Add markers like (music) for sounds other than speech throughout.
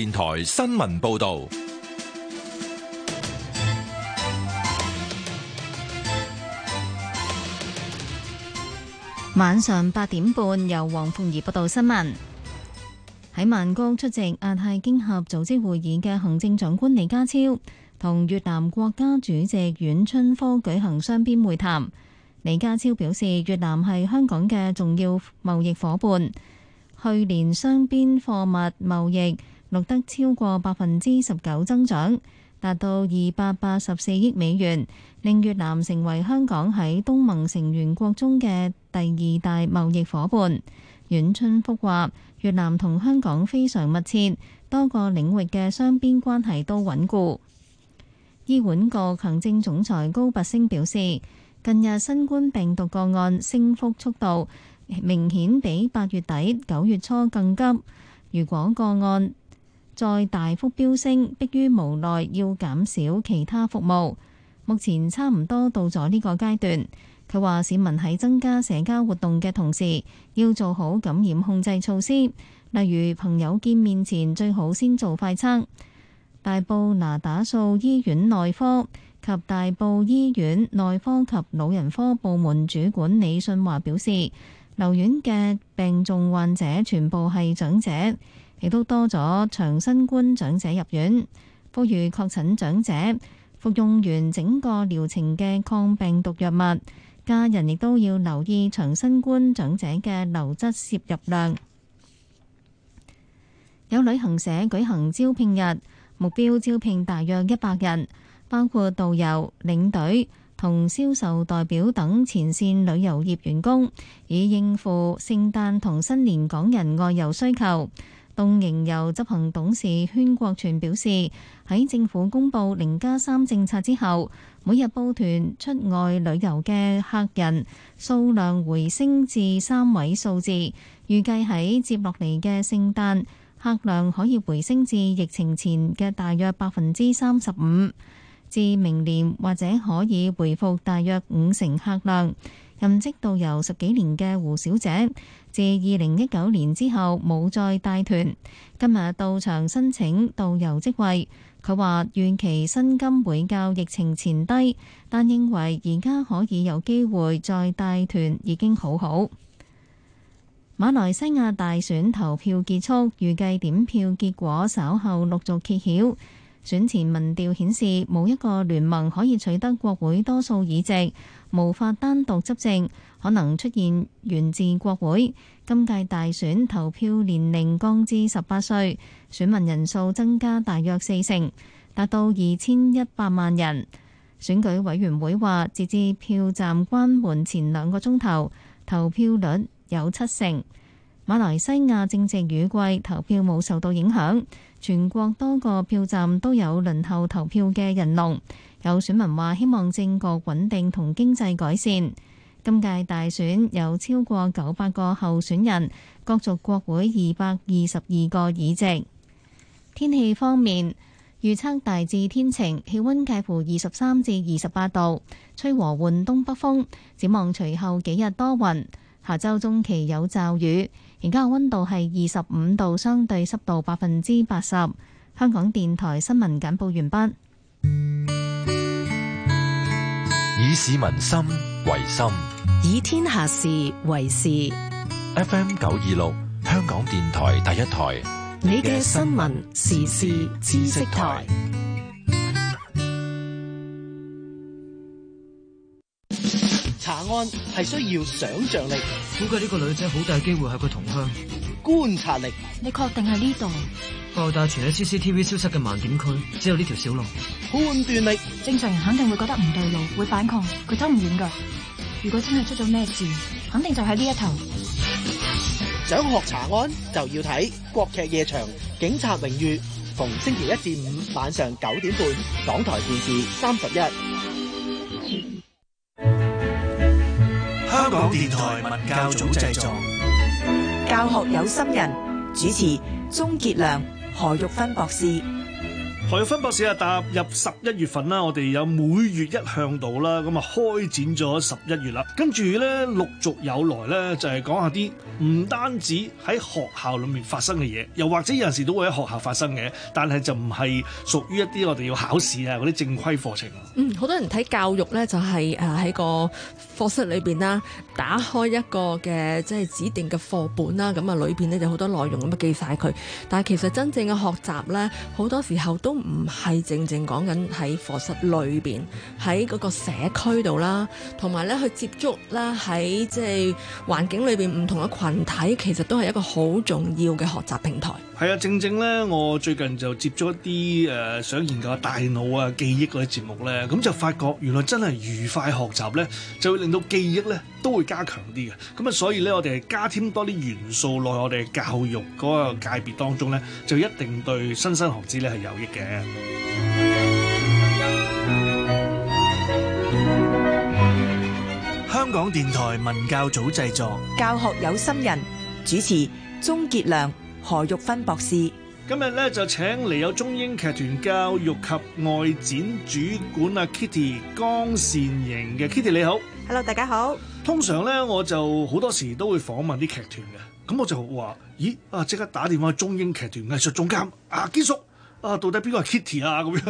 電台新聞報道，晚上八點半由黃鳳儀報道新聞。喺曼谷出席亞太經合組織會議嘅行政長官李家超同越南國家主席阮春科舉行雙邊會談。李家超表示，越南係香港嘅重要貿易伙伴，去年雙邊貨物貿易，錄得超過百分之十九增長，達到二百八十四億美元，令越南成為香港喺東盟成員國中嘅第二大貿易伙伴。阮春福話：越南同香港非常密切，多個領域嘅雙邊關係都穩固。醫管局行政總裁高拔陞表示，近日新冠病毒個案升幅速度明顯比八月底、九月初更急。如果個案再大幅飆升，迫於無奈要減少其他服務，目前差唔多到咗呢個階段。佢話市民喺增加社交活動嘅同時要做好感染控制措施，例如朋友見面前最好先做快測。大埔那打素醫院內科及大埔醫院內科及老人科部門主管李信華表示，留院嘅病重患者全部係長者。亦都多咗長新冠長者入院，呼籲確診長者服用完整個療程嘅抗病毒藥物，家人亦都要留意長新冠長者嘅流質攝入量。有旅行社舉行招聘日，目標招聘大約一百人，包括導遊、領隊同銷售代表等前線旅遊業員工，以應付聖誕同新年港人外遊需求。東瀛遊執行董事軒國全表示，喺政府公布零加三政策之後，每日報團出外旅遊嘅客人數量回升至三位數字，預計喺接落嚟嘅聖誕客量可以回升至疫情前嘅大約百分之三十五，至明年或者可以回復大約五成客量。任職導遊十幾年嘅胡小姐，自二零一九年之後冇再帶團，今日到場申請導遊職位。佢話預期薪金會較疫情前低，但認為而家可以有機會再帶團已經好好。馬來西亞大選投票結束，預計點票結果稍後陸續揭曉。選前民調顯示，冇一個聯盟可以取得國會多數議席，無法單獨執政，可能出現懸峙國會。今屆大選投票年齡降至十八歲，選民人數增加大約四成，達到二千一百萬人。選舉委員會話，截至票站關門前兩個鐘頭，投票率有七成。馬來西亞正值雨季，投票冇受到影響。全國多個票站都有輪候投票嘅人龍，有選民話希望政局穩定同經濟改善。今屆大選有超過九百個候選人角逐國會二百二十二個議席。天氣方面預測大致天晴，氣温介乎二十三至二十八度，吹和緩東北風。展望隨後幾日多雲，下周中期有驟雨。而家嘅溫度係二十五度，相對濕度百分之八十。香港電台新聞簡報完畢。以市民心為心，以天下事為事。FM 九二六，香港電台第一台。你嘅新聞時事知識台。係需要想象力，估計呢個女仔好大機會係佢同鄉。觀察力，你確定係呢度？爆大全喺 CCTV 消失嘅盲點區，只有呢條小路。判斷力，正常人肯定會覺得唔對路，會反抗，佢走唔遠噶。如果真係出咗咩事，肯定就喺呢一頭。想學查案就要睇《國劇夜場警察榮譽》，逢星期一至五晚上九點半，港台電視三十一。電台文教組製作，教學有心人主持鍾傑良、何玉芬博士。何玉芬博士啊，踏入十一月份啦，我哋有每月一向度啦，咁啊開展咗十一月啦。跟住咧，陸續有來咧，就係、是、講下啲唔單止喺學校裏面發生嘅嘢，又或者有陣時都會喺學校發生嘅，但係就唔係屬於一啲我哋要考試啊嗰啲正規課程。嗯，好多人睇教育咧，就係誒喺個課室裏邊啦。打開一個嘅即係指定嘅課本啦，咁啊裏邊呢就好多內容咁啊記晒佢。但係其實真正嘅學習呢，好多時候都唔係正正講緊喺課室裏邊，喺嗰個社區度啦，同埋呢去接觸啦，喺即係環境裏邊唔同嘅群體，其實都係一個好重要嘅學習平台。係啊，正正呢，我最近就接觸一啲誒、呃、想研究大腦啊、記憶嗰啲節目呢，咁就發覺原來真係愉快學習呢，就會令到記憶呢，都會加強啲嘅，咁啊，所以咧，我哋係加添多啲元素落我哋教育嗰個界別當中咧，就一定對新生學子咧係有益嘅。香港電台文教組製作，教學有心人主持，鍾傑良、何玉芬博士今日咧就請嚟有中英劇團教育及外展主管啊，Kitty 江倩瑩嘅 Kitty 你好，Hello 大家好。通常咧，我就好多時都會訪問啲劇團嘅，咁我就話：咦啊，即刻打電話去中英劇團藝術總監，啊，堅叔啊，到底邊個係 Kitty 啊？咁樣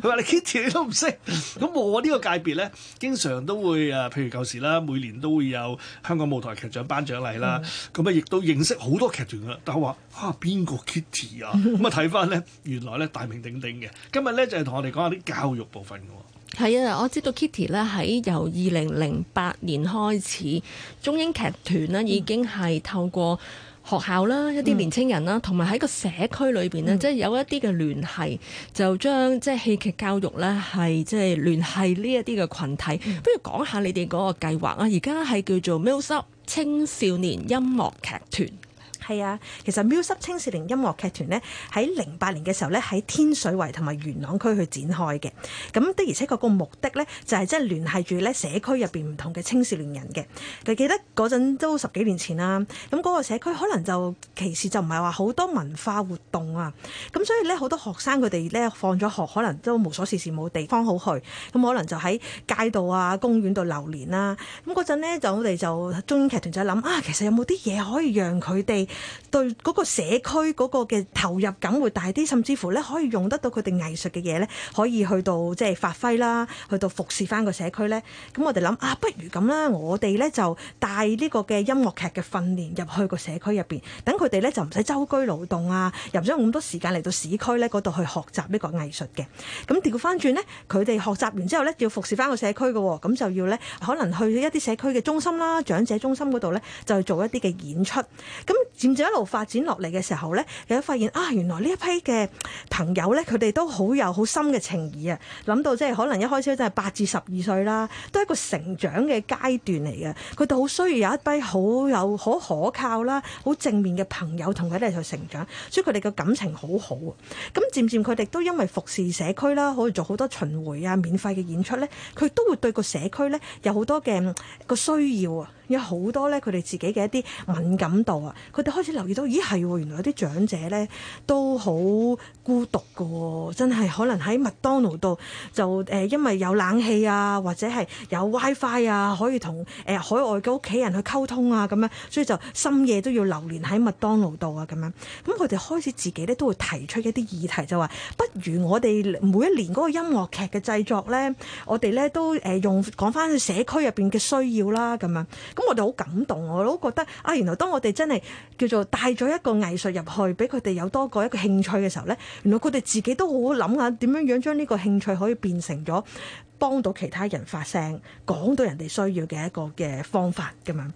佢話： (laughs) 你 Kitty 你都唔識。咁我呢個界別咧，經常都會誒、啊，譬如舊時啦，每年都會有香港舞台劇獎頒獎禮啦，咁啊，亦都認識好多劇團嘅。但係話啊，邊個 Kitty 啊？咁啊，睇翻咧，原來咧大名鼎鼎嘅。今日咧就係、是、同我哋講下啲教育部分嘅喎。係啊，我知道 Kitty 咧喺由二零零八年開始，中英劇團呢已經係透過學校啦、一啲年輕人啦，同埋喺個社區裏邊呢，即係、嗯、有一啲嘅聯繫，就將即係戲劇教育呢係即係聯繫呢一啲嘅群體。嗯、不如講下你哋嗰個計劃啊！而家係叫做 Mills Up 青少年音樂劇團。係啊，其實苗濕青少年音樂劇團呢，喺零八年嘅時候呢，喺天水圍同埋元朗區去展開嘅。咁的而且確個目的呢，就係即係聯繫住呢社區入邊唔同嘅青少年人嘅。記記得嗰陣都十幾年前啦，咁、那、嗰個社區可能就其實就唔係話好多文化活動啊，咁所以呢，好多學生佢哋呢，放咗學，可能都無所事事，冇地方好去，咁可能就喺街道啊、公園度流連啦、啊。咁嗰陣呢，我就我哋就中英劇團就諗啊，其實有冇啲嘢可以讓佢哋。對嗰個社區嗰個嘅投入感會大啲，甚至乎咧可以用得到佢哋藝術嘅嘢咧，可以去到即係發揮啦，去到服侍翻個社區咧。咁我哋諗啊，不如咁啦，我哋咧就帶呢個嘅音樂劇嘅訓練入去個社區入邊，等佢哋咧就唔使周居勞動啊，又唔使咁多時間嚟到市區咧嗰度去學習呢個藝術嘅。咁調翻轉咧，佢哋學習完之後咧要服侍翻個社區嘅、哦，咁就要咧可能去一啲社區嘅中心啦、長者中心嗰度咧，就做一啲嘅演出咁。漸漸一路發展落嚟嘅時候咧，你都發現啊，原來呢一批嘅朋友咧，佢哋都好有好深嘅情誼啊！諗到即係可能一開始真係八至十二歲啦，都係一個成長嘅階段嚟嘅。佢哋好需要有一批好有好可靠啦、好正面嘅朋友同佢哋去成長，所以佢哋嘅感情好好。啊。咁漸漸佢哋都因為服侍社區啦，可以做好多巡迴啊、免費嘅演出咧，佢都會對個社區咧有好多嘅、嗯、個需要啊。有好多咧，佢哋自己嘅一啲敏感度啊，佢哋開始留意到，咦，係原來有啲長者咧都好孤獨噶喎、哦，真係可能喺麥當勞度就誒、呃，因為有冷氣啊，或者係有 WiFi 啊，可以同誒、呃、海外嘅屋企人去溝通啊，咁樣，所以就深夜都要流連喺麥當勞度啊，咁樣。咁佢哋開始自己咧都會提出一啲議題，就話不如我哋每一年嗰個音樂劇嘅製作咧，我哋咧都誒用、呃、講翻社區入邊嘅需要啦，咁樣。我哋好感動，我都覺得啊，原來當我哋真係叫做帶咗一個藝術入去，俾佢哋有多過一個興趣嘅時候呢，原來佢哋自己都好好諗下點樣樣將呢個興趣可以變成咗幫到其他人發聲，講到人哋需要嘅一個嘅方法咁樣。咁、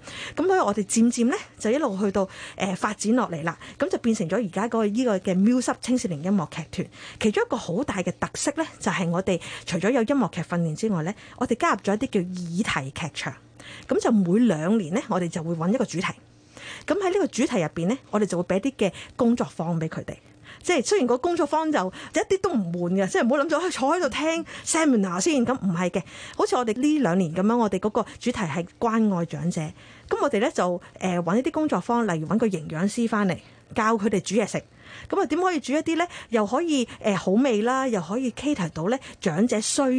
嗯、所以我哋漸漸呢，就一路去到誒、呃、發展落嚟啦，咁就變成咗而家嗰個呢個嘅 music 青少年音樂劇團。其中一個好大嘅特色呢，就係、是、我哋除咗有音樂劇訓練之外呢，我哋加入咗一啲叫議題劇場。咁就每兩年呢，我哋就會揾一個主題。咁喺呢個主題入邊呢，我哋就會俾啲嘅工作坊俾佢哋。即係雖然個工作坊就，就一啲都唔悶嘅，即係唔好諗住坐喺度聽 seminar 先。咁唔係嘅，好似我哋呢兩年咁樣，我哋嗰個主題係關愛長者。咁我哋呢，就誒揾一啲工作坊，例如揾個營養師翻嚟教佢哋煮嘢食。咁啊，點可以煮一啲咧？又可以誒、呃、好味啦，又可以 cater 到咧長者需要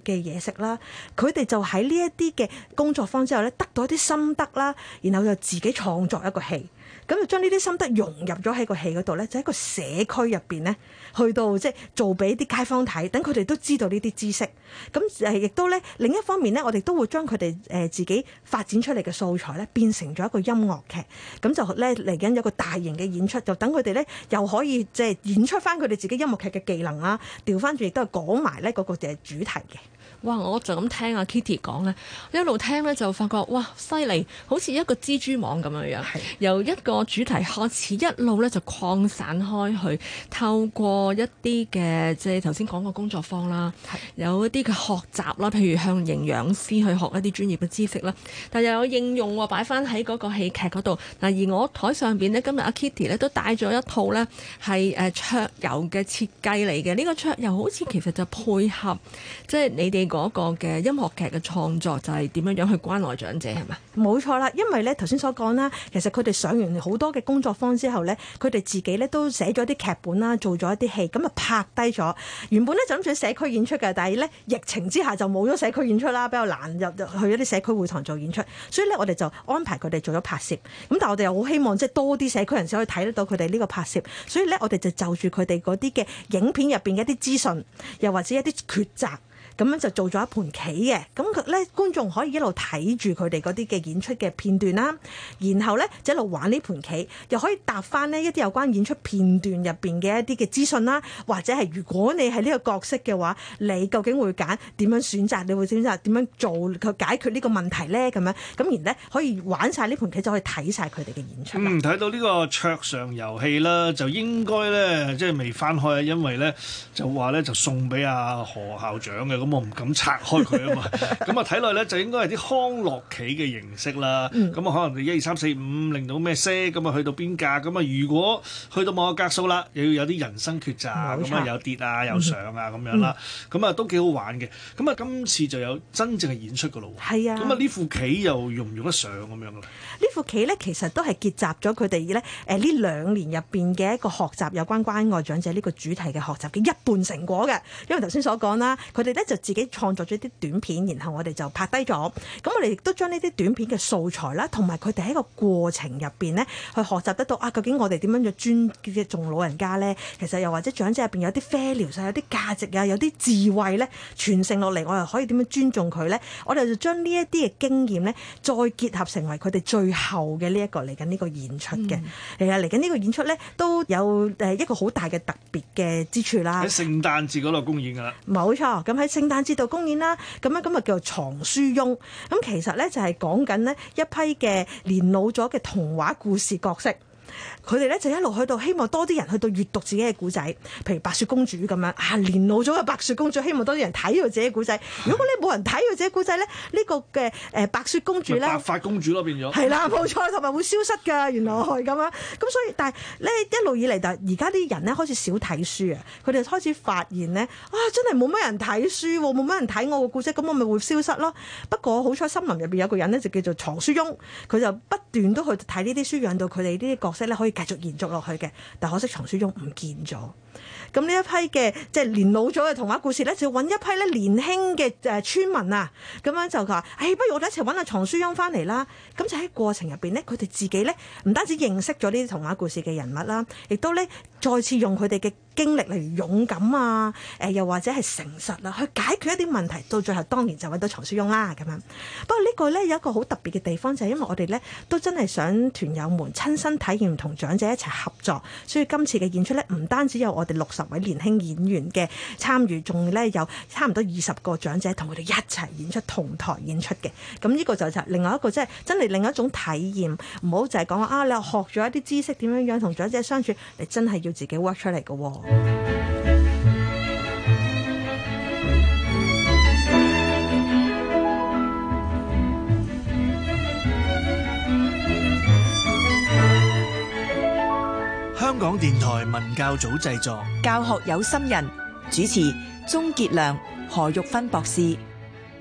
嘅嘢食啦。佢哋就喺呢一啲嘅工作坊之後咧，得到一啲心得啦，然後就自己創作一個戲。咁就將呢啲心得融入咗喺個戲嗰度咧，就喺個社區入邊咧，去到即係做俾啲街坊睇，等佢哋都知道呢啲知識。咁誒，亦都咧另一方面咧，我哋都會將佢哋誒自己發展出嚟嘅素材咧，變成咗一個音樂劇。咁就咧嚟緊有個大型嘅演出，就等佢哋咧又可以即係演出翻佢哋自己音樂劇嘅技能啦、啊，調翻轉亦都係講埋咧嗰個嘅主題嘅。哇！我就咁聽阿 Kitty 講呢，一路聽呢就發覺哇，犀利！好似一個蜘蛛網咁樣樣，的由一個主題開始一路呢就擴散開去。透過一啲嘅即係頭先講個工作坊啦，的有一啲嘅學習啦，譬如向營養師去學一啲專業嘅知識啦，但又有應用擺翻喺嗰個戲劇嗰度嗱。而我台上邊呢，今日阿 Kitty 呢都帶咗一套呢係誒桌遊嘅設計嚟嘅。呢、這個桌遊好似其實就配合即係、就是、你哋。嗰個嘅音樂劇嘅創作就係點樣樣去關愛長者係嘛？冇錯啦，因為咧頭先所講啦，其實佢哋上完好多嘅工作坊之後咧，佢哋自己咧都寫咗啲劇本啦，做咗一啲戲咁啊拍低咗。原本咧就諗住社區演出嘅，但係咧疫情之下就冇咗社區演出啦，比較難入去一啲社區會堂做演出，所以咧我哋就安排佢哋做咗拍攝。咁但係我哋又好希望即係多啲社區人士可以睇得到佢哋呢個拍攝，所以咧我哋就就住佢哋嗰啲嘅影片入邊嘅一啲資訊，又或者一啲抉擇。咁樣就做咗一盤棋嘅，咁佢咧觀眾可以一路睇住佢哋嗰啲嘅演出嘅片段啦，然後咧就一路玩呢盤棋，又可以答翻呢一啲有關演出片段入邊嘅一啲嘅資訊啦，或者係如果你係呢個角色嘅話，你究竟會揀點樣選擇？你會選擇點樣做去解決呢個問題咧？咁樣咁然咧可以玩晒呢盤棋，就可以睇晒佢哋嘅演出。嗯，睇到呢個桌上遊戲啦，就應該咧即係未翻開呀，因為咧就話咧就送俾阿、啊、何校長嘅。咁我唔敢拆開佢啊嘛，咁啊睇落嚟咧就應該係啲康樂棋嘅形式啦。咁啊、嗯、可能你一二三四五，令到咩色，咁啊去到邊格？咁啊如果去到某個格數啦，又要有啲人生抉擇，咁啊錯有跌啊有上啊咁樣啦，咁啊都幾好玩嘅。咁啊今次就有真正嘅演出噶咯喎。係啊。咁啊呢副棋又用唔用得上咁樣啊？呢副棋咧其實都係結集咗佢哋咧誒呢、呃、兩年入邊嘅一個學習有關關愛長者呢個主題嘅學習嘅一半成果嘅，因為頭先所講啦，佢哋咧自己創作咗啲短片，然後我哋就拍低咗。咁我哋亦都將呢啲短片嘅素材啦，同埋佢哋喺個過程入邊呢，去學習得到啊。究竟我哋點樣要尊重老人家呢？其實又或者長者入邊有啲 failure，有啲價值啊，有啲智慧呢，傳承落嚟，我又可以點樣尊重佢呢？我哋就將呢一啲嘅經驗呢，再結合成為佢哋最後嘅呢一個嚟緊呢個演出嘅。其實嚟緊呢個演出呢，都有誒一個好大嘅特別嘅之處啦。喺聖誕節嗰度公演㗎喇，冇錯。咁喺聖誕節到公園啦，咁樣咁啊，叫做藏書翁，咁其實咧就係講緊咧一批嘅年老咗嘅童話故事角色。佢哋咧，就一路去到希望多啲人去到閱讀自己嘅故仔，譬如白雪公主咁樣啊，年老咗嘅白雪公主希望多啲人睇佢自己嘅故仔。的如果你冇人睇佢自己故仔咧，呢、這個嘅，誒、呃、白雪公主咧，白髮公主咯變咗係啦，冇錯，同埋會消失噶。原來係咁樣，咁的所以但係咧一路以嚟，但係而家啲人咧開始少睇書啊，佢哋開始發現咧，啊真係冇乜人睇書，冇乜人睇我嘅故事，咁我咪會消失咯。不過好彩森林入邊有個人咧就叫做藏書翁，佢就不斷都去睇呢啲書，養到佢哋呢啲角色，咧可以繼續延續落去嘅，但可惜藏書中唔見咗。咁呢一批嘅即係年老咗嘅童話故事咧，就揾一批咧年輕嘅誒、呃、村民啊，咁樣就話：誒、哎、不如我哋一齊揾阿藏書翁翻嚟啦！咁就喺過程入邊呢，佢哋自己咧唔單止認識咗呢啲童話故事嘅人物啦，亦都咧再次用佢哋嘅經歷，嚟勇敢啊，誒、呃、又或者係誠實啊，去解決一啲問題。到最後當然就揾到藏書翁啦，咁樣。不過個呢個咧有一個好特別嘅地方，就係、因為我哋咧都真係想團友們親身體驗同長者一齊合作，所以今次嘅演出咧唔單止有我。我哋六十位年輕演員嘅參與，仲咧有差唔多二十個長者同佢哋一齊演出，同台演出嘅。咁呢個就就另外一個，即係真係另一種體驗。唔好就係講話啊！你學咗一啲知識，點樣樣同長者相處，你真係要自己 work 出嚟㗎喎。香港電台文教組製作，教學有心人主持，鍾傑良、何玉芬博士。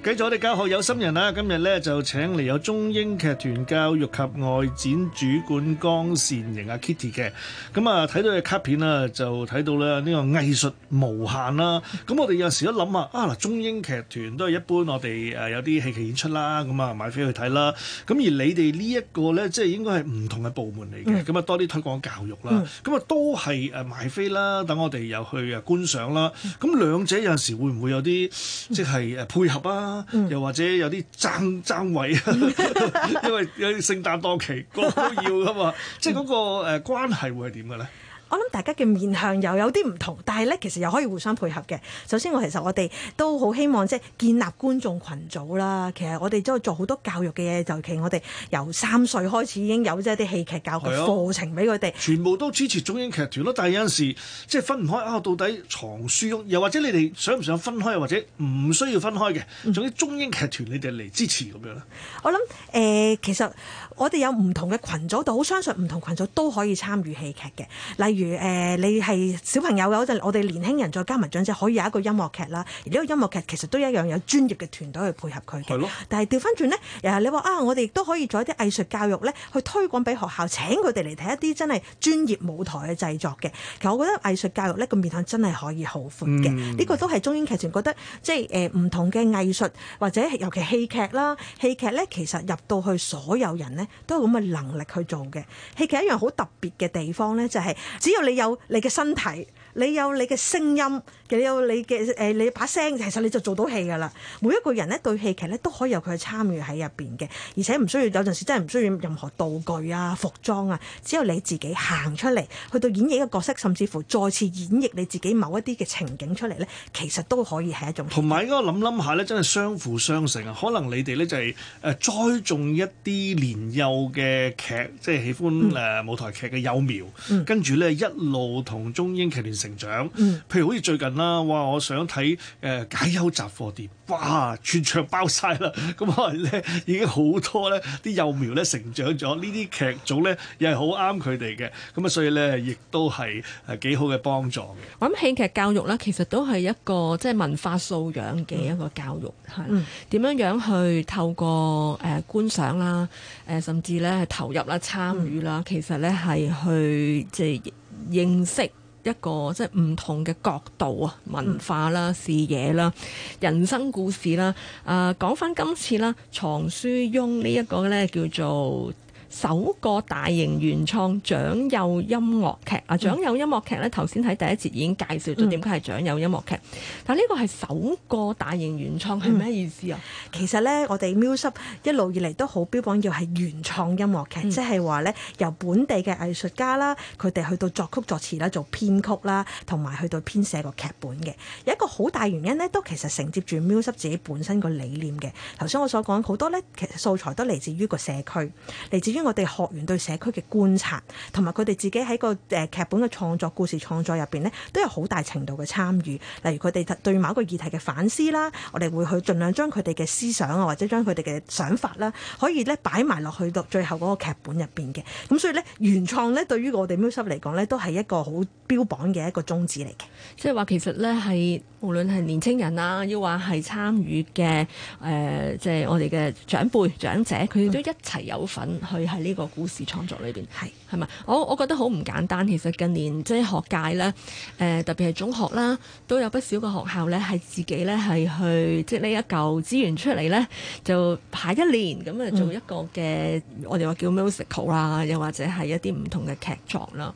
繼續我哋教學有心人啦、啊，今日咧就請嚟有中英劇團教育及外展主管江倩瑩阿 Kitty 嘅。咁、嗯、啊，睇到嘅卡片啦，就睇到啦呢個藝術無限啦。咁我哋有陣時一諗啊，啊嗱、嗯，中英劇團都係一般我哋誒有啲戲劇演出啦，咁啊買飛去睇啦。咁而你哋呢一個咧，即係應該係唔同嘅部門嚟嘅。咁啊，多啲推廣教育啦。咁啊，都係誒買飛啦，等我哋又去誒觀賞啦。咁、嗯、兩者有陣時會唔會有啲即係誒配合啊？又或者有啲爭爭位， (laughs) 因為有聖誕檔期個個都要㗎嘛， (laughs) 即係嗰個誒關係會係點嘅咧？我諗大家嘅面向又有啲唔同，但係咧，其實又可以互相配合嘅。首先，我其實我哋都好希望即係建立觀眾群組啦。其實我哋都做好多教育嘅嘢，尤其我哋由三歲開始已經有即係啲戲劇教育課程俾佢哋。全部都支持中英劇團咯，但係有陣時即係分唔開啊，到底藏書屋，又或者你哋想唔想分開，或者唔需要分開嘅？總之中英劇團，你哋嚟支持咁樣咧。嗯、我諗誒、呃，其實。我哋有唔同嘅群組，都好相信唔同群組都可以參與戲劇嘅。例如誒、呃，你係小朋友有陣我哋年輕人再加埋長者，可以有一個音樂劇啦。而呢個音樂劇其實都一樣有專業嘅團隊去配合佢。嘅咯，但係調翻轉呢，又係你話啊，我哋亦都可以做一啲藝術教育呢去推廣俾學校，請佢哋嚟睇一啲真係專業舞台嘅製作嘅。其實我覺得藝術教育呢個面向真係可以好寬嘅。呢、嗯、個都係中英劇團覺得即係誒唔同嘅藝術或者尤其戲劇啦，戲劇呢其實入到去所有人咧。都有咁嘅能力去做嘅戲劇，一樣好特別嘅地方咧，就係、是、只要你有你嘅身體。你有你嘅聲音，你有你嘅誒、呃，你把聲，其實你就做到戲㗎啦。每一個人咧對戲劇咧都可以有佢嘅參與喺入邊嘅，而且唔需要有陣時真係唔需要任何道具啊、服裝啊，只有你自己行出嚟去到演繹嘅角色，甚至乎再次演繹你自己某一啲嘅情景出嚟呢，其實都可以係一種。同埋應該諗諗下呢，真係相輔相成啊！可能你哋呢就係、是、誒、呃、栽種一啲年幼嘅劇，即係喜歡誒、呃、舞台劇嘅幼苗，跟住、嗯、呢，一路同中英劇團。成長，譬、嗯、如好似最近啦，哇！我想睇誒、呃、解憂雜貨店，哇！全場包晒啦，咁啊咧已經好多咧啲幼苗咧成長咗，呢啲劇組咧又係好啱佢哋嘅，咁啊所以咧亦都係係幾好嘅幫助嘅。我諗戲劇教育咧，其實都係一個即係文化素養嘅一個教育，係點樣樣去透過誒、呃、觀賞啦，誒、呃、甚至咧係投入啦、參與啦，嗯、其實咧係去即係認識。一個即係唔同嘅角度啊、文化啦、視野啦、人生故事啦，誒、講翻今次啦，藏書翁呢一個咧叫做。首個大型原創長幼音樂劇啊！長幼音樂劇咧，頭先喺第一節已經介紹咗點解係長幼音樂劇，但呢個係首個大型原創係咩意思啊？其實咧，我哋 music 一路以嚟都好標榜要係原創音樂劇，即係話咧由本地嘅藝術家啦，佢哋去到作曲作詞啦，做編曲啦，同埋去到編寫個劇本嘅。有一個好大原因咧，都其實承接住 music 自己本身個理念嘅。頭先我所講好多咧，其實素材都嚟自於個社區，嚟自於。我哋學員對社區嘅觀察，同埋佢哋自己喺個誒劇本嘅創作、故事創作入邊咧，都有好大程度嘅參與。例如佢哋對某一個議題嘅反思啦，我哋會去盡量將佢哋嘅思想啊，或者將佢哋嘅想法啦，可以咧擺埋落去到最後嗰個劇本入邊嘅。咁所以咧，原創咧，對於我哋 Museup 嚟講咧，都係一個好標榜嘅一個宗旨嚟嘅。即係話，其實咧係。無論係年輕人啊，要話係參與嘅，誒、呃，即係我哋嘅長輩長者，佢哋都一齊有份去喺呢個故事創作裏邊係係咪？我、嗯、我覺得好唔簡單。其實近年即係學界咧，誒、呃、特別係中學啦，都有不少個學校咧係自己咧係去即係呢一嚿資源出嚟咧，就排一年咁啊，做一個嘅、嗯、我哋話叫 musical 啦，又或者係一啲唔同嘅劇作啦。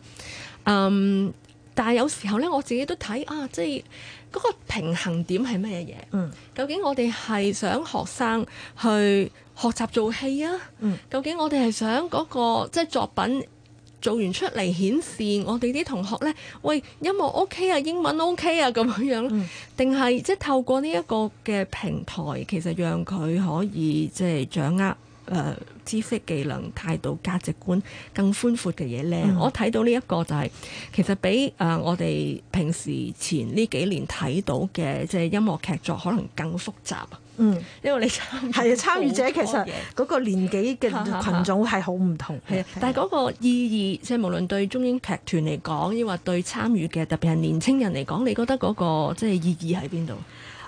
嗯，但係有時候咧，我自己都睇啊，即係。嗰個平衡點係乜嘢嘢？嗯、究竟我哋係想學生去學習做戲啊？究竟我哋係想嗰個即係作品做完出嚟顯示我哋啲同學咧？喂，音樂 OK 啊，英文 OK 啊，咁樣樣定係即係透過呢一個嘅平台，其實讓佢可以即係掌握。誒、呃、知識、技能、態度、價值觀更寬闊嘅嘢咧，嗯、我睇到呢一個就係、是、其實比誒、呃、我哋平時前呢幾年睇到嘅即係音樂劇作可能更複雜。嗯，因為你參係、嗯、 (laughs) 參與者其實嗰個年紀嘅群組係好唔同。係啊，啊啊啊但係嗰個意義即係、就是、無論對中英劇團嚟講，亦或對參與嘅特別係年青人嚟講，你覺得嗰、那個即係、就是、意義喺邊度？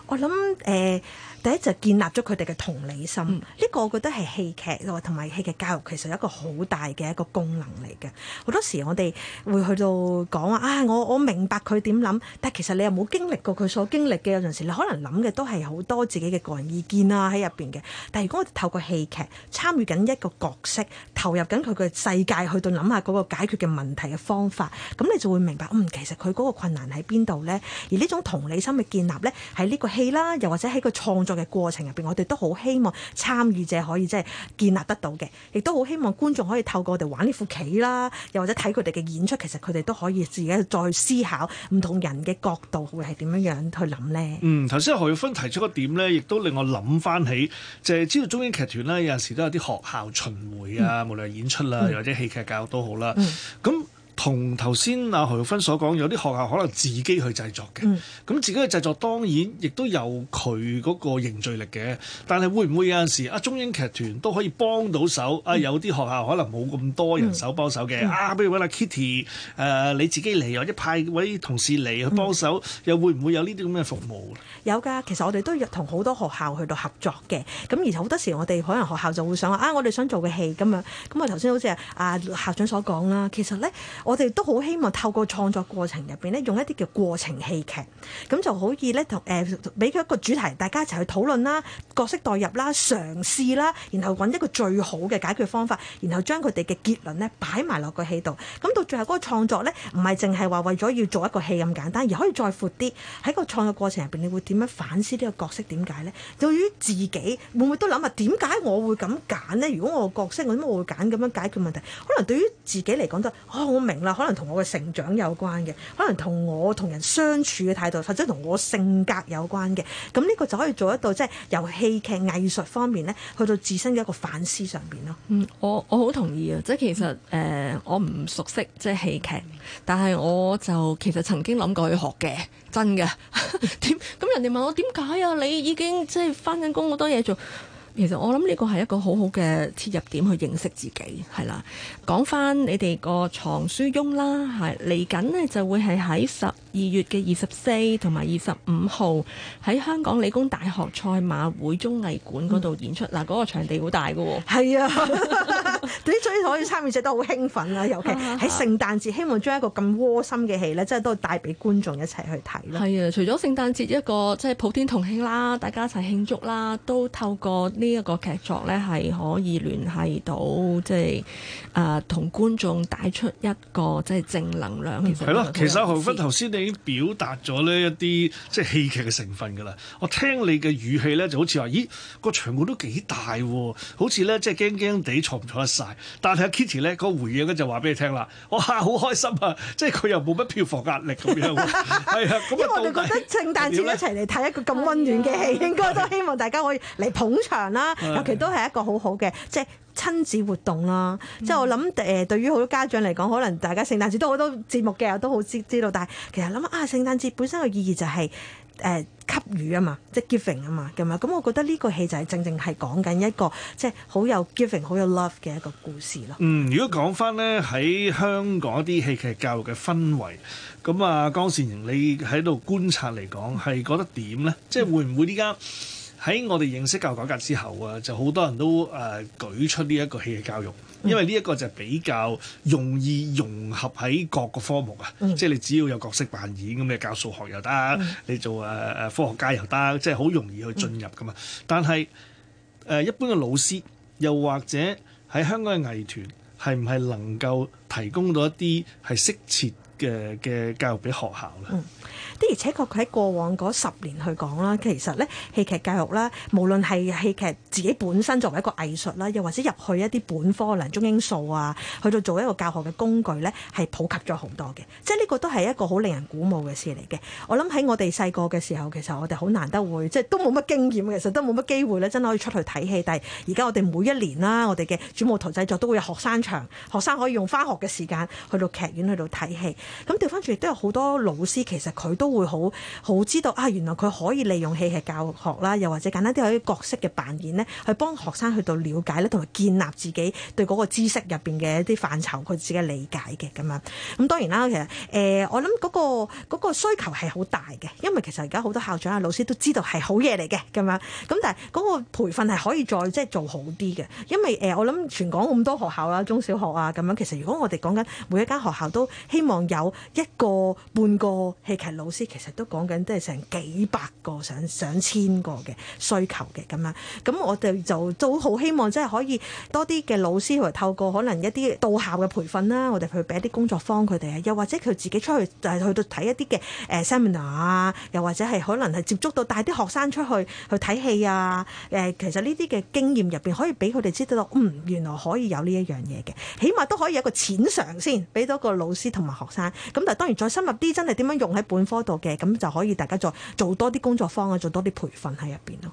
我諗誒、呃，第一就建立咗佢哋嘅同理心，呢、嗯、個我覺得係戲劇同埋戲劇教育其實有一個好大嘅一個功能嚟嘅。好多時我哋會去到講啊，啊我我明白佢點諗，但其實你又冇經歷過佢所經歷嘅，有陣時你可能諗嘅都係好多自己嘅個人意見啦喺入邊嘅。但係如果我哋透過戲劇參與緊一個角色，投入緊佢嘅世界，去到諗下嗰個解決嘅問題嘅方法，咁你就會明白，嗯其實佢嗰個困難喺邊度咧。而呢種同理心嘅建立咧，喺呢個啦，又或者喺個創作嘅過程入邊，我哋都好希望參與者可以即係建立得到嘅，亦都好希望觀眾可以透過我哋玩呢副棋啦，又或者睇佢哋嘅演出，其實佢哋都可以自己再思考唔同人嘅角度會係點樣樣去諗呢？嗯，頭先何玉芬提出嘅點呢，亦都令我諗翻起，就係、是、知道中英劇團呢，有陣時都有啲學校巡回啊，無論係演出啦、啊，又、嗯、或者戲劇教育都好啦，咁、嗯。同頭先阿何玉芬所講，有啲學校可能自己去製作嘅，咁、嗯、自己去製作當然亦都有佢嗰個凝聚力嘅。但係會唔會有陣時啊中英劇團都可以幫到手、嗯、啊？有啲學校可能冇咁多人手幫手嘅、嗯、啊，比如揾阿 Kitty 誒、呃，你自己嚟，或者派位同事嚟去幫手，又會唔會有呢啲咁嘅服務？嗯、有㗎，其實我哋都同好多學校去到合作嘅，咁而好多時我哋可能學校就會想話啊，我哋想做嘅戲咁樣。咁啊頭先好似啊校長所講啦，其實咧。我哋都好希望透過創作過程入邊咧，用一啲叫過程戲劇，咁就可以咧同誒俾佢一個主題，大家一齊去討論啦、角色代入啦、嘗試啦，然後揾一個最好嘅解決方法，然後將佢哋嘅結論咧擺埋落個戲度。咁到最後嗰個創作咧，唔係淨係話為咗要做一個戲咁簡單，而可以再闊啲，喺個創作過程入邊，你會點樣反思呢個角色點解咧？對於自己會唔會都諗下點解我會咁揀呢？如果我角色我點解會揀咁樣解決問題？可能對於自己嚟講都好明。啦，可能同我嘅成長有關嘅，可能同我同人相處嘅態度，或者同我性格有關嘅，咁呢個就可以做得到，即係由戲劇藝術方面呢去到自身嘅一個反思上邊咯。嗯，我我好同意啊，即係其實誒、呃，我唔熟悉即係戲劇，但係我就其實曾經諗過去學嘅，真嘅。點？ (laughs) 咁人哋問我點解啊？你已經即係返緊工，好多嘢做。其實我諗呢個係一個好好嘅切入點去認識自己，係啦。講返你哋個藏書翁啦，係嚟緊咧就會係喺十二月嘅二十四同埋二十五號，喺香港理工大學賽馬會綜藝館嗰度演出嗱，嗰、嗯啊嗰個場地好大嘅喎。係啊，啲追 (laughs) (laughs) 可以參與者都好興奮啊，尤其喺聖誕節希望將一個咁窩心嘅戲咧，即係都帶俾觀眾一齊去睇咯，係啊，除咗聖誕節一個即係普天同慶啦，大家一齊慶祝啦，都透過呢一個劇作咧係可以聯繫到即係誒同觀眾帶出一個即係正能量。其實係、這、咯、個，其實何芬頭先已經表達咗呢一啲即係戲劇嘅成分㗎啦。我聽你嘅語氣咧，就好似話，咦個場館都幾大，好似咧即係驚驚地坐唔坐得曬。但係阿 Kitty 咧個回應咧就話俾你聽啦，哇好開心啊！即係佢又冇乜票房壓力咁樣。係 (laughs) 啊，因為我哋覺得聖誕節一齊嚟睇一個咁温暖嘅戲， (laughs) 應該都希望大家可以嚟捧場啦。 (laughs) 尤其都係一個好好嘅即係。就是親子活動啦、啊，即係我諗誒，對於好多家長嚟講，可能大家聖誕節都有好多節目嘅，我都好知知道。但係其實諗啊，聖誕節本身嘅意義就係、是、誒、呃、給予啊嘛，即係 giving 啊嘛，咁啊。咁我覺得呢個戲就係正正係講緊一個即係好有 giving、好有 love 嘅一個故事咯。嗯，如果講翻呢，喺香港啲戲劇教育嘅氛圍，咁啊，江倩瑩，你喺度觀察嚟講係覺得點呢？即係會唔會依家？喺我哋認識教育改革之後啊，就好多人都誒、呃、舉出呢一個戲劇教育，因為呢一個就比較容易融合喺各個科目啊，嗯、即係你只要有角色扮演咁，你教數學又得，嗯、你做誒誒、呃、科學家又得，即係好容易去進入噶嘛。但係誒、呃、一般嘅老師又或者喺香港嘅藝團係唔係能夠提供到一啲係適切？嘅嘅教育俾學校咧，的、嗯、而且確喺過往嗰十年去講啦。其實咧，戲劇教育啦，無論係戲劇自己本身作為一個藝術啦，又或者入去一啲本科，例如中英數啊，去到做一個教學嘅工具咧，係普及咗好多嘅。即係呢個都係一個好令人鼓舞嘅事嚟嘅。我諗喺我哋細個嘅時候，其實我哋好難得會，即係都冇乜經驗，其實都冇乜機會咧，真係可以出去睇戲。但係而家我哋每一年啦、啊，我哋嘅主舞台製作都會有學生場，學生可以用翻學嘅時間去到劇院去到睇戲。咁掉翻轉亦都有好多老師，其實佢都會好好知道啊，原來佢可以利用戲劇教學啦，又或者簡單啲喺角色嘅扮演呢，去幫學生去到了解咧，同埋建立自己對嗰個知識入邊嘅一啲範疇，佢自己理解嘅咁樣。咁、嗯、當然啦，其實誒、呃、我諗嗰、嗰個嗰個需求係好大嘅，因為其實而家好多校長啊、老師都知道係好嘢嚟嘅咁樣。咁但係嗰個培訓係可以再即係做好啲嘅，因為誒、呃、我諗全港咁多學校啦、中小學啊咁樣，其實如果我哋講緊每一間學校都希望有。有一個、半個戲劇老師，其實都講緊都係成幾百個、上上千個嘅需求嘅咁樣。咁我哋就做好希望，即係可以多啲嘅老師，去透過可能一啲到校嘅培訓啦，我哋去俾一啲工作坊佢哋啊。又或者佢自己出去就係去到睇一啲嘅誒 seminar 啊，又或者係可能係接觸到帶啲學生出去去睇戲啊。誒、呃，其實呢啲嘅經驗入邊，可以俾佢哋知道到，嗯，原來可以有呢一樣嘢嘅。起碼都可以有個淺嘗先，俾到個老師同埋學生。咁但係當然再深入啲，真係點樣用喺本科度嘅，咁就可以大家再做多啲工作坊啊，做多啲培訓喺入邊咯。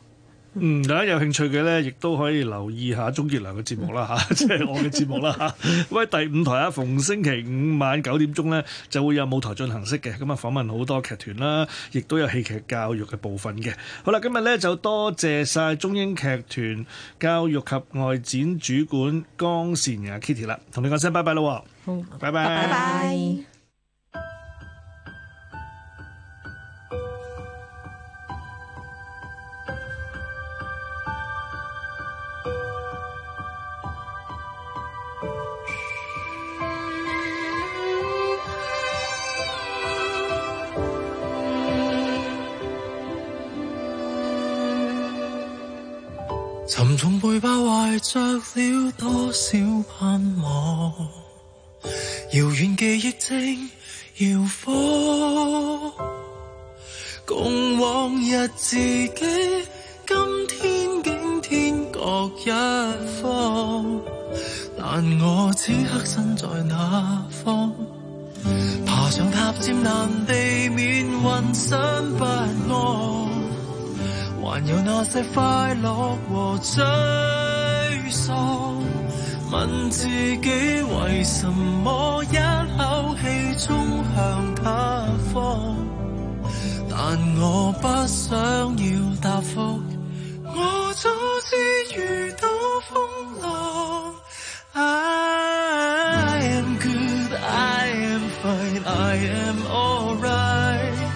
嗯，大家有興趣嘅咧，亦都可以留意下鍾杰良嘅節目啦，吓， (laughs) 即係我嘅節目啦。咁喺 (laughs) 第五台啊，逢星期五晚九點鐘咧，就會有舞台進行式嘅，咁啊訪問好多劇團啦，亦都有戲劇教育嘅部分嘅。好啦，今日咧就多謝晒中英劇團教育及外展主管江倩瑩嘅 Kitty 啦，同你講聲拜拜咯，好，拜拜，拜拜。沉重背包懷着了多少盼望？遙遠記憶正搖晃，共往日自己，今天竟天各一方。但我此刻身在哪方？爬上塔尖難避免渾身不安。還有那些快樂和沮喪，問自己為什麼一口氣衝向他方？但我不想要答覆，我早知遇到風浪。I am good, I am fine, I am alright.